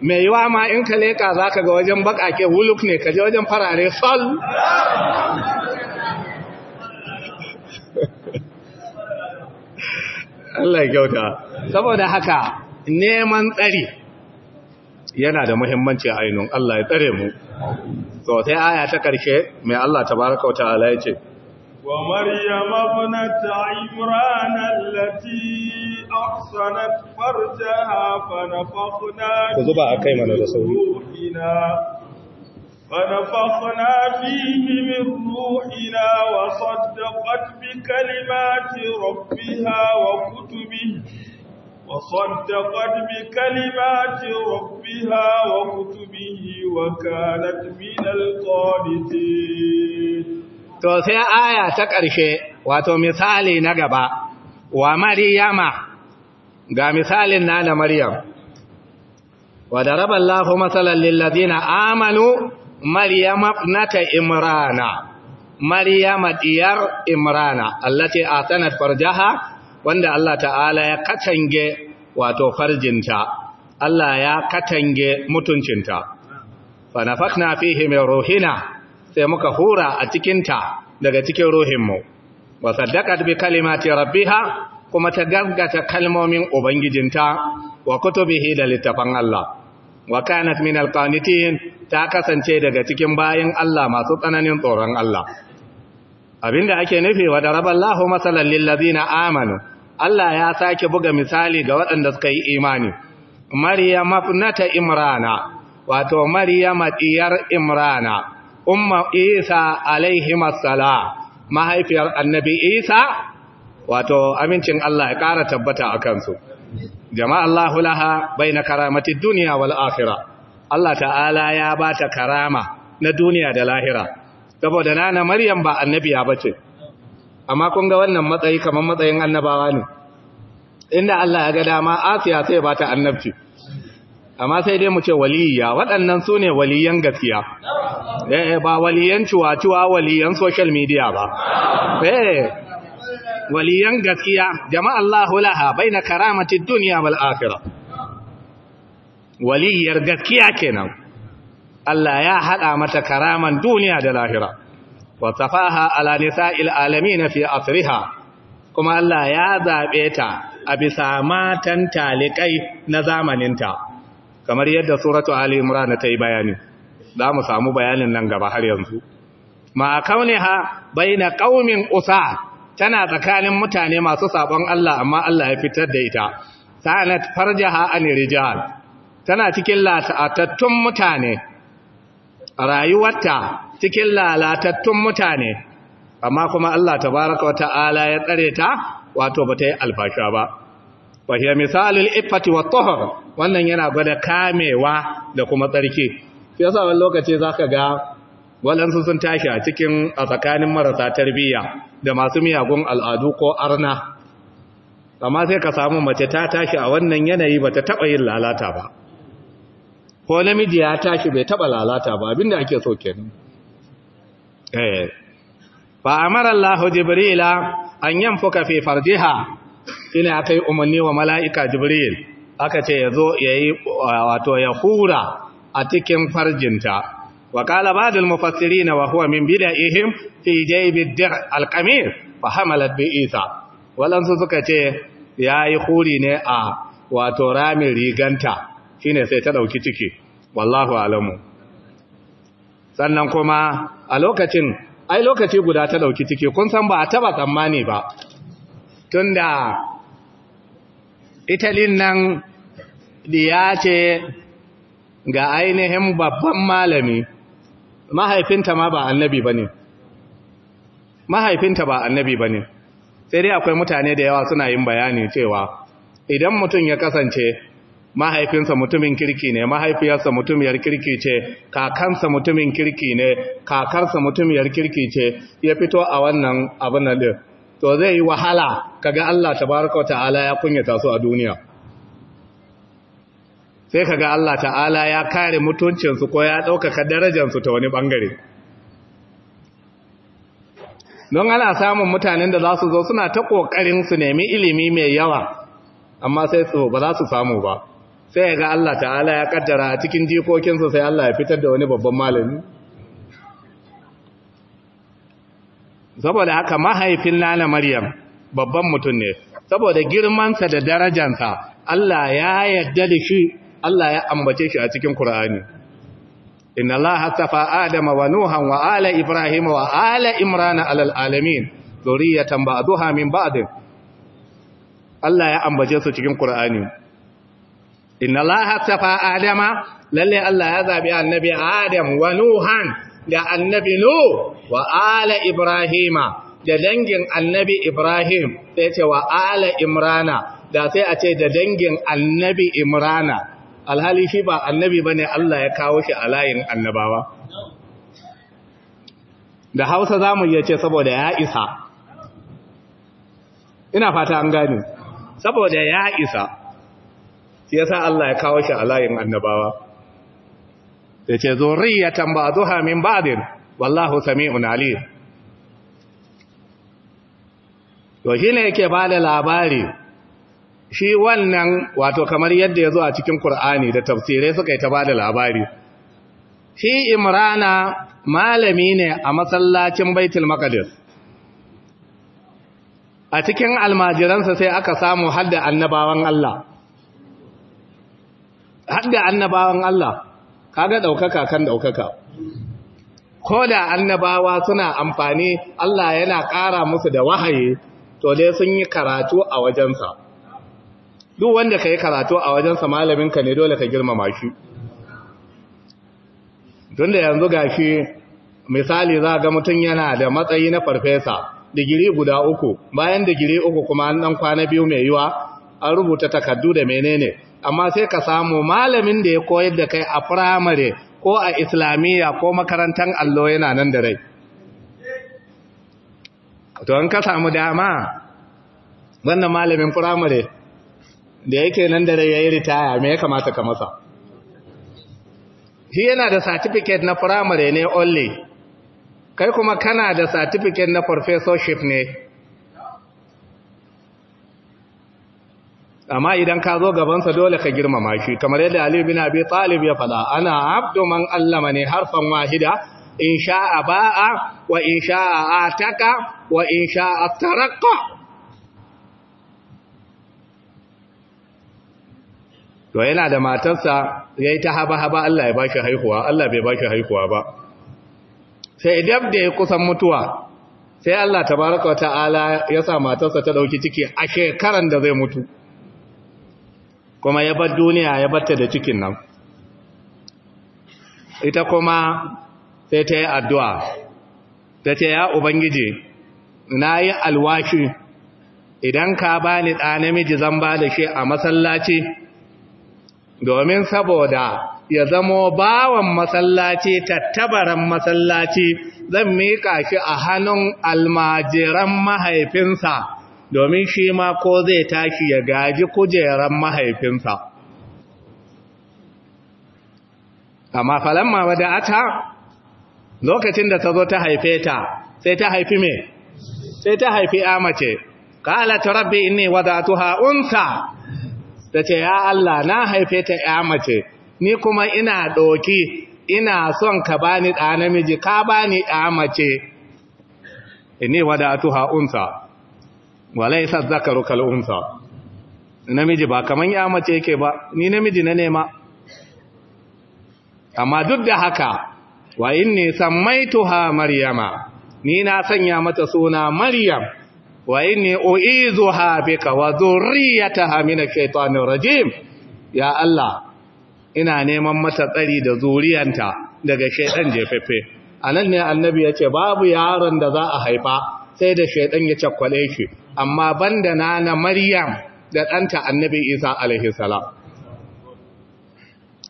[SPEAKER 1] mai yiwa ma in ka leka za ka ga wajen bakake huluk ne ka je wajen farare sol Allah ya kyauta saboda haka neman tsari yana da muhimmanci ainihin Allah ya tsare mu so sai aya ta karshe mai Allah ta tabaraka wata ala ya ce
[SPEAKER 2] ومريم ابنة عمران التي أحصنت فرجها فنفخنا من روحنا فنفخنا فيه من روحنا وصدقت بكلمات ربها وكتبه وصدقت بكلمات ربها وكتبه وكانت من القانتين
[SPEAKER 1] to sai aya ta ƙarshe wato misali na gaba wa maryama ga misalin na da maryam wa daraba Allahu masalan lil ladina amanu maryama ibnata imrana maryama diyar imrana allati atanat farjaha wanda Allah ta'ala ya katange wato farjinta Allah ya katange mutuncinta fa nafakna fihi min ruhina sai muka hura a cikinta daga cikin ruhinmu wa saddaqat bi kalimati rabbiha kuma ta gaggata kalmomin ubangijinta wa kutubihi da littafan Allah wa kanat min alqanitin ta kasance daga cikin bayin Allah masu tsananin tsoron Allah abinda ake nufi wa daraballahu masalan lil ladina amanu Allah ya sake buga misali ga waɗanda suka yi imani Maryam mafnata Imrana wato Maryam diyar Imrana umma isa alaihi mahaifiyar annabi isa wato amincin Allah ya kara tabbata a kansu jama'a Allahu laha baina karamati duniya wal la'afira. Allah ta'ala ya ba ta karama na duniya da lahira saboda nana maryam ba annabiya bace amma kun ga wannan matsayi kamar matsayin annabawa ne inda Allah ya ga dama Asiya sai ba ta annabci amma sai dai mu ce waliya waɗannan su ne waliyyan gaskiya eh, eh, ba waliyyan cuwa-cuwa waliyyan social media ba eh waliyan gaskiya jama'a Allahu laha baina karamati dunya wal akhirah Waliyyar gaskiya kenan Allah ya haɗa mata karaman duniya da lahira Wasafaha safaha ala nisa'il na fi asriha kuma Allah ya zaɓe ta a bisa matan talikai na zamaninta kamar yadda suratu ali imran ta yi bayani za mu samu bayanin nan gaba har yanzu ma kauniha baina qaumin usa tana tsakanin mutane masu sabon Allah amma Allah ya fitar da ita sanat farjaha an rijal tana cikin latattun mutane rayuwarta cikin lalatattun mutane amma kuma Allah tabaraka wata'ala ya tsare ta wato ba ta yi alfasha ba wa hiya misalul iffati wa tahar wannan yana gwada kamewa da kuma tsarki shi yasa wani lokaci zaka ga waɗansu sun tashi a cikin a tsakanin marasa tarbiyya da masu miyagun al'adu ko arna amma sai ka samu mace ta tashi a wannan yanayi bata ta taɓa yin lalata ba ko namiji ya tashi bai taba lalata ba abinda ake so kenan eh fa amara Allah jibrila an yanfuka fi farjiha shine aka yi umarni wa mala'ika jibril aka ce ya zo ya yi wato ya hura a cikin farjinta wa kala da mafasiri na wahuwa min ihim fi jaybi dir' alkamir fa hamalar bi isa waɗansu suka ce ya yi huri ne a wato ramin riganta Shi ne sai ta ɗauki ciki wallahu alamu sannan kuma a lokacin ai lokaci guda ta ɗauki ciki kun san ba a taba tsammani ba tunda italin nan diya ce ga ainihin babban malami mahaifinta ma ba annabi ba ne mahaifinta ba annabi ba ne sai dai akwai mutane da yawa suna yin bayani cewa idan mutum ya kasance mahaifinsa mutumin kirki ne mahaifiyarsa mutumiyar kirki ce kakansa mutumin kirki ne kakarsa mutumiyar kirki ce ya fito a wannan abin nan to zai yi wahala kaga Allah tabaraka ta'ala ya kunyata su a duniya sai kaga Allah ta'ala ya kare mutuncinsu ko ya ɗaukaka su ta wani ɓangare don ana samun mutanen da za su zo suna ta ƙoƙarin su nemi ilimi mai yawa amma sai su ba za su samu ba sai ga Allah ta'ala ya kaddara a cikin su sai Allah ya fitar da wani babban malami saboda haka mahaifin nana maryam babban mutum ne saboda girmansa da darajansa Allah ya yarda da shi Allah ya ambace shi a cikin Qur'ani inna Allah tafa adama wa nuhan wa ala ibrahima wa ala imrana alal alamin zuriyatan ba'daha min ba'd Allah ya ambace su cikin Qur'ani inna Allah tafa adama lalle Allah ya zabi annabi Adam wa nuhan da annabi nu wa ala ibrahima da dangin annabi ibrahim sai ce wa ala imrana da sai a ce da dangin annabi imrana alhali shi ba annabi bane Allah ya kawo shi a layin annabawa da hausa zamu iya ce saboda ya isa ina fata an gani. saboda ya isa ya yasa Allah ya kawo shi a layin annabawa da ce zurriyatan zuha min ba'din wallahu sami'un alim to shine yake bada labari shi wannan wato kamar yadda ya a cikin Qur'ani da tafsirai suka yi ta bada labari shi Imrana malami ne a masallacin Baitul Maqdis a cikin almajiransa sai aka samu hadda annabawan Allah hadda annabawan Allah kaga ɗaukaka kan daukaka ko da annabawa suna amfani Allah yana ƙara musu da wahayi to dai sun yi karatu a wajensa duk wanda ka yi karatu a wajensa malaminka ne dole ka girmama shi don da yanzu gashi, misali za ga mutum yana da matsayi na farfesa digiri guda uku bayan digiri uku kuma an ɗan kwana biyu mai yiwa an rubuta takardu da menene amma sai ka samu malamin da ya koyar da kai a firamare ko a islamiyya ko makarantar allo yana nan da rai to in ka samu dama wannan malamin firamare da yake nan da rai ya yi ritaya me ya kamata ka masa shi yana da certificate na firamare ne only kai kuma kana da certificate na professorship ne amma idan ka zo gabansa dole ka girmama shi kamar yadda Ali bin Abi Talib ya fada ana abdu man allama ne harfan wahida in sha'a ba'a wa in sha'a ataka wa in sha'a taraka to yana da matarsa yayi ta haba haba Allah ya bashi haihuwa Allah bai bashi haihuwa ba sai idan da ya kusan mutuwa sai Allah tabaraka wa ta'ala ya sa matarsa ta dauki ciki a shekaran da zai mutu kuma ya bar duniya ya bar ta da cikin nan ita kuma sai ta yi addu’a ta ce ya ubangiji na yi alwashi idan ka ba ni ɗa namiji zan ba da shi a masallaci domin saboda ya zamo bawan masallaci tattabaran masallaci zan miƙa shi a hannun almajiran mahaifinsa domin shi ma ko zai tashi ya gaji kujeran mahaifinsa amma ma wada ata lokacin da ta zo ta haife ta sai ta haifi me sai ta haifi amace qalat rabbi in inni wada'tuha unsa ce, ya Allah na haife ta mace, ni kuma ina ɗoki, ina son ka bani da namiji ka bani ne wada wada'tuha unsa wala yasa zakaru kal unsa namiji ba kaman ya mace yake ba ni namiji na nema amma duk da haka wa inni sammaituha maryama ni na sanya mata suna maryam wa inni uizuha bika wa zurriyataha min ash-shaytanir rajim ya allah ina neman mata tsari da zuriyanta daga shaytan jefefe anan ne annabi yace babu yaron da za a haifa sai da shaytan ya cakwale shi amma banda na na maryam da ɗanta annabi isa alaihi salam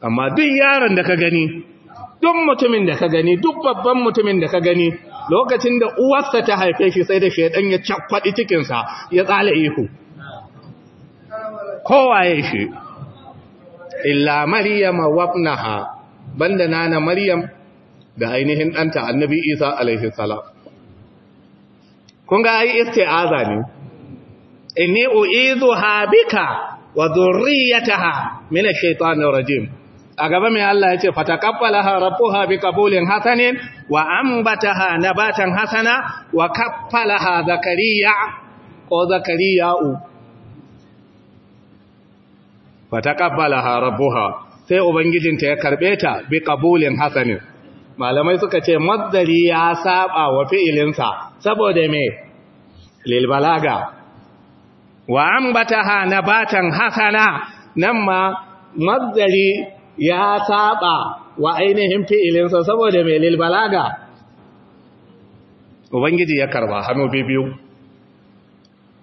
[SPEAKER 1] amma duk yaron da ka gani duk mutumin da ka gani duk babban mutumin da ka gani lokacin da uwarsa ta haife shi sai da shaidan ya cakwaɗi cikinsa ya tsala ihu kowaye shi illa Maryam wabnaha banda na maryam da ainihin ɗanta annabi isa alaihi salam kun ga yi isti'aza ne inni uizu habika wa dhurriyyataha min ash-shaytanir rajim a gaba mai Allah ya ce fataqabbalaha rabbuha biqabulin hasanin wa ambataha nabatan hasana wa kaffalaha zakariya ko zakariya'u fataqabbalaha rabbuha sai ubangijinta ya karbe ta biqabulin hasanin malamai suka ce madari ya saba wa fi'ilinsa saboda me lil balaga wa ambataha nabatan hasana nan ma mazdari ya saba wa ainihin fi'ilinsa saboda me lil ubangiji ya karba hannu biyu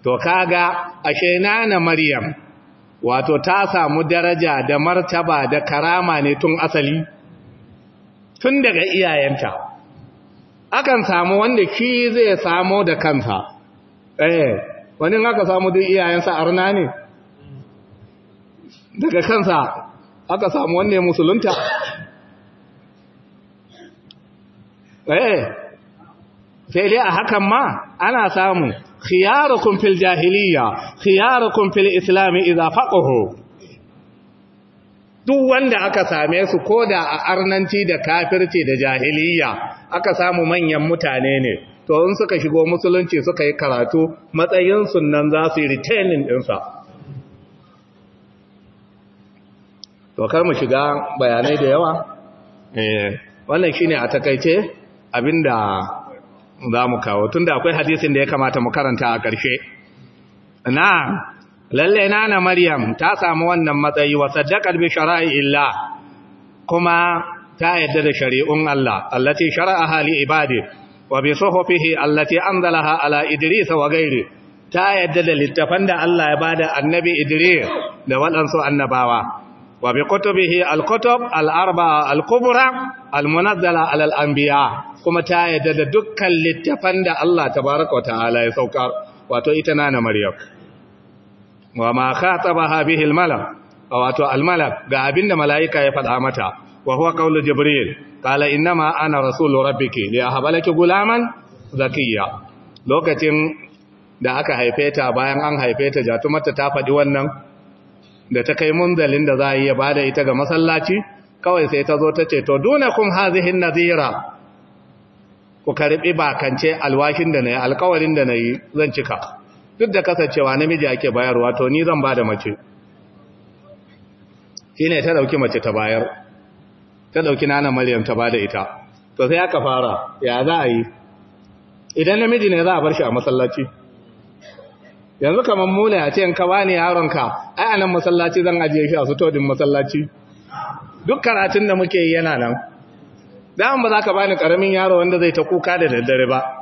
[SPEAKER 1] to kaga ashe nana maryam wato ta samu daraja da martaba da karama ne tun asali tun daga iyayenta akan samu wanda shi zai samu da kansa eh wani aka samu duk iyayensa arna ne daga kansa aka samu ya musulunta eh sai dai a hakan ma ana samu khiyarukum fil jahiliya khiyarukum fil islam idza faqahu duk wanda aka same su ko da a arnanci da kafirci da jahiliya aka samu manyan mutane ne to in suka shigo musulunci suka yi karatu matsayin sunan za su yi retaining ɗinsa to kar mu shiga bayanai da yawa eh. wannan shine a takaice abinda za mu kawo tunda akwai hadisin da ya kamata mu karanta a ƙarshe na lalle nana maryam ta samu wannan matsayi wa saddaqat bi illa, kuma ta yadda da shari'un Allah allati shara'aha li ibadi wa bi suhufihi allati anzalaha ala idris wa ghairi ta yadda da littafan da Allah ya bada annabi idris da wadansu annabawa wa bi kutubihi al-kutub al-arba'a al-kubra al-munazzala ala al-anbiya kuma ta yadda da dukkan littafan da Allah tabaaraka wa ta'ala ya saukar wato ita nana maryam wa ma khatabaha bihi al-malak wato al-malak ga abinda malaika ya faɗa mata wa huwa qawlu jibril qala innama ana rasulu rabbiki li ahbalaki gulaman zakiya lokacin da aka haife ta bayan an haife ta jatumarta ta faɗi wannan da ta kai munzalin da za a yi ya bada ita ga masallaci kawai sai ta zo ta ce to dunakum hazihin nazira ku karbi bakance alwashin da nayi alkawarin da nayi zan cika duk da kasancewa namiji ake bayarwa to ni zan ba da mace shi ne ta dauki mace ta bayar ta dauki nana maryam ta ba da ita to sai aka fara ya za a yi idan namiji ne za a bar shi a masallaci yanzu kamar mula ya ce in ka bani yaronka ai anan masallaci zan ajiye shi a su todin masallaci duk karatun da muke yi yana nan dama ba za ka bani karamin yaro wanda zai ta kuka da daddare ba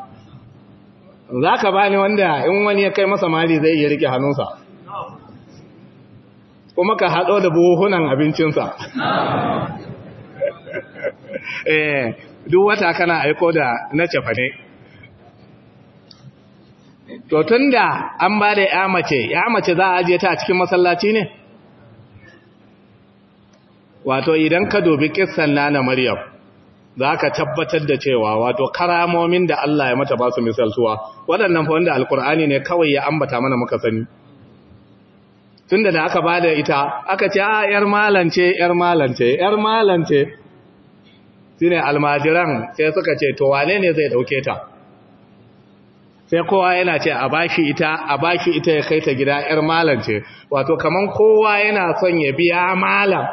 [SPEAKER 1] za ka bani wanda in wani ya kai masa mali zai iya rike hannunsa kuma ka haɗo da buhunan abincinsa eh, duk wata kana aiko da na cefane to tun da an ba da ya mace ya mace za a ajiye ta a cikin masallaci ne wato idan ka dubi kissan na na maryam za ka tabbatar da cewa wato karamomin da Allah ya mata ba su misaltuwa waɗannan fa wanda alkur'ani ne kawai ya ambata mana muka sani tunda da aka ba da ita aka ce a ah, yar malance yar malance yar malance shine almajiran sai suka ce to wane ne zai dauke ta sai kowa yana ce a bashi ita a bashi ita ya kai ta gida yar malance wato kaman kowa yana son ya biya malam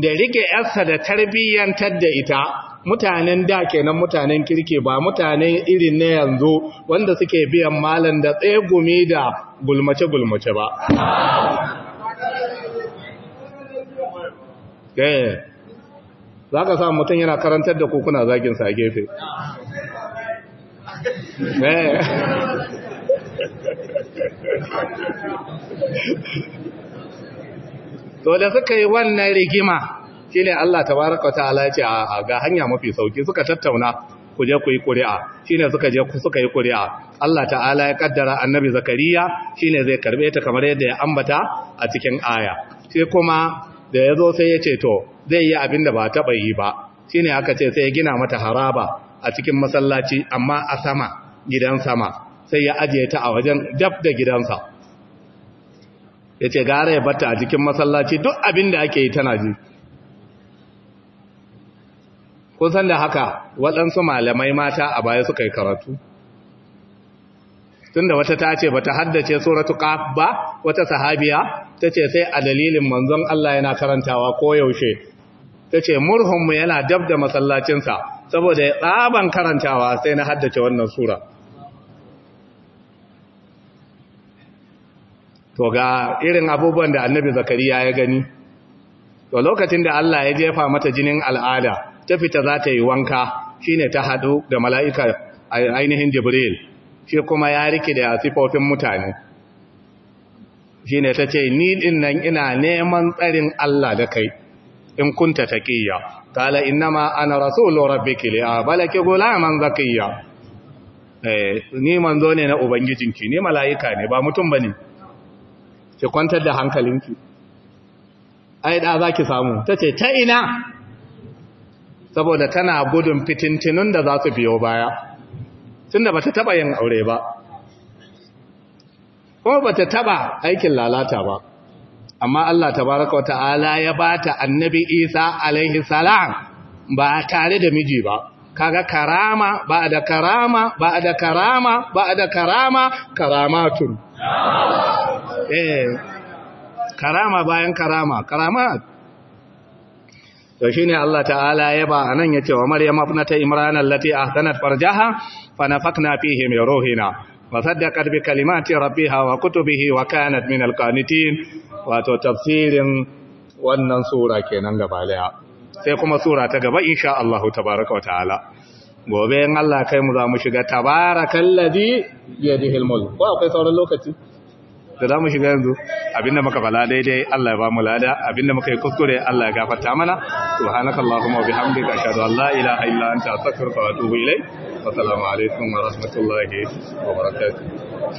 [SPEAKER 1] da rike yarsa da tarbiyyantar da ita mutanen da kenan mutanen kirki ba mutanen irin na yanzu wanda suke biyan malam da tsaye gumi da gulmace-gulmace ba eh, za ka sa mutum yana karantar da kukuna zagin sa gefe eh. to da suka yi wannan rigima shine Allah tabaraka ta'ala ce a ga hanya mafi sauki suka tattauna ku je ku yi ƙuri'a shine suka je suka yi ƙuri'a Allah ta'ala ya kaddara annabi zakariya shine zai karɓe ta kamar yadda ya ambata a cikin aya sai kuma da ya zo sai ya ce to zai yi abin da ba taɓa yi ba shine aka ce sai ya gina mata haraba a cikin masallaci amma a sama gidan sama sai ya ajiye ta a wajen dab da gidansa ya ce gara ya bata a cikin masallaci duk abin da ake yi tana ji kusan da haka waɗansu malamai mata a baya suka yi karatu tun da wata ta ce ba ta haddace suratu ƙaf ba wata sahabiya ta ce sai a dalilin manzon Allah yana karantawa ko yaushe ta ce murhunmu yana dab da masallacinsa saboda ya tsaban karantawa sai na haddace wannan sura to ga irin abubuwan da annabi zakariya ya gani to lokacin da Allah ya jefa mata jinin al'ada ta fita za ta yi wanka shine ta hadu da mala'ika ainihin jibril shi kuma ya rike da sifofin mutane shine ta ce ni din nan ina neman tsarin Allah da kai in kunta taqiya qala innama ana rasulur rabbiki li abalaki gulaman zakiya eh ni manzo ne na ubangijinki ni malaika ne ba mutum bane ki kwantar da hankalinki ai da za ki samu ta ce ta ina saboda tana gudun fitintinun da za su biyo baya Tunda da ba ta taɓa yin aure ba kuma ba ta taɓa aikin lalata ba amma Allah tabaraka wa ta'ala ya ba ta annabi isa alaihi salam ba tare da miji ba kaga karama ba da karama ba da karama ba da karama karamatun eh karama bayan karama karama to ne Allah ta'ala ya ba a nan ya ce, wa maryam ibnata imran allati sanar farjaha fa fakna fihi min ruhina wa bi kalimati rabbi wa kutubihi wa kayanat min alkanitin, wato tafsirin wannan sura kenan gaba sai kuma sura ta gaba insha Allah baraka wa ta'ala gobe in Allah kai mu za mu shiga tabarakan ladi ya al-mulk ko akwai sauran lokaci da za mu shiga yanzu abinda muka fala daidai Allah ya ba mu lada abinda muka yi kuskure Allah ya gafarta mana subhanakallahumma wa bihamdika ashhadu an la ilaha illa anta astaghfiruka wa atubu ilayk assalamu alaikum wa rahmatullahi wa barakatuh